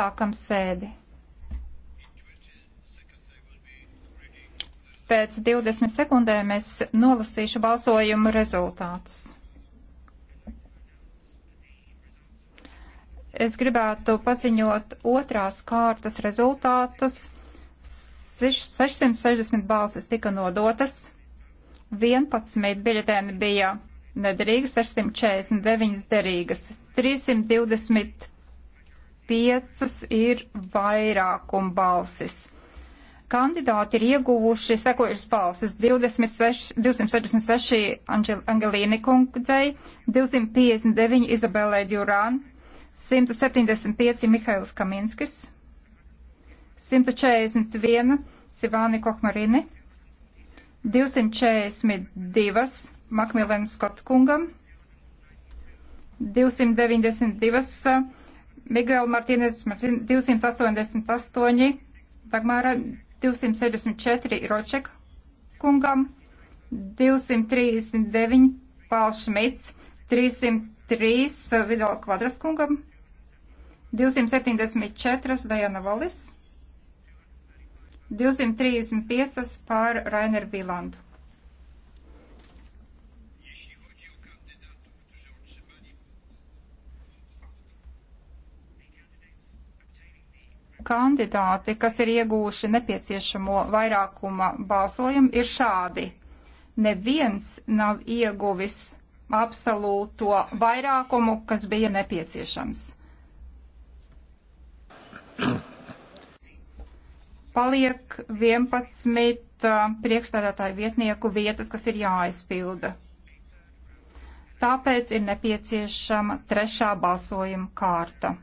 atsākam sēdi. Pēc 20 sekundēm es nolasīšu balsojumu rezultātus. Es gribētu paziņot otrās kārtas rezultātus. 660 balsis tika nodotas, 11 biļetēni bija nederīgas, 649 derīgas, 320 piecas ir vairākuma balsis. Kandidāti ir ieguvuši sekojušas balsis 26, 266 Angel, Angelīni Kungdzei, 259 Izabelē Djurān, 175 Mihails Kaminskis, 141 Sivāni Kokmarini, 242 Makmilēnu Skotkungam, 292 Miguel Martīnes Martin, 288, Dagmāra 264 Roček kungam, 239 Pāls Šmits, 303 Vidal Kvadras kungam, 274 Dajana Valis, 235 pār Rainer Vilandu. kandidāti, kas ir iegūši nepieciešamo vairākuma balsojumu, ir šādi. Neviens nav ieguvis absolūto vairākumu, kas bija nepieciešams. Paliek 11 uh, priekšstādātāju vietnieku vietas, kas ir jāaizpilda. Tāpēc ir nepieciešama trešā balsojuma kārta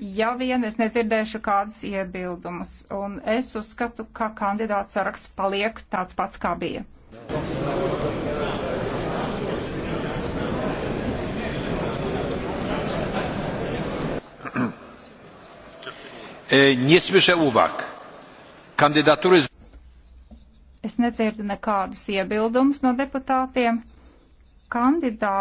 ja vien es nedzirdēšu kādus iebildumus. Un es uzskatu, ka kandidāts saraksts paliek tāds pats, kā bija. E, nie słyszę uwag. Kandydatury. Es nedzirdu nekādus iebildumus no deputātiem. Kandidāti.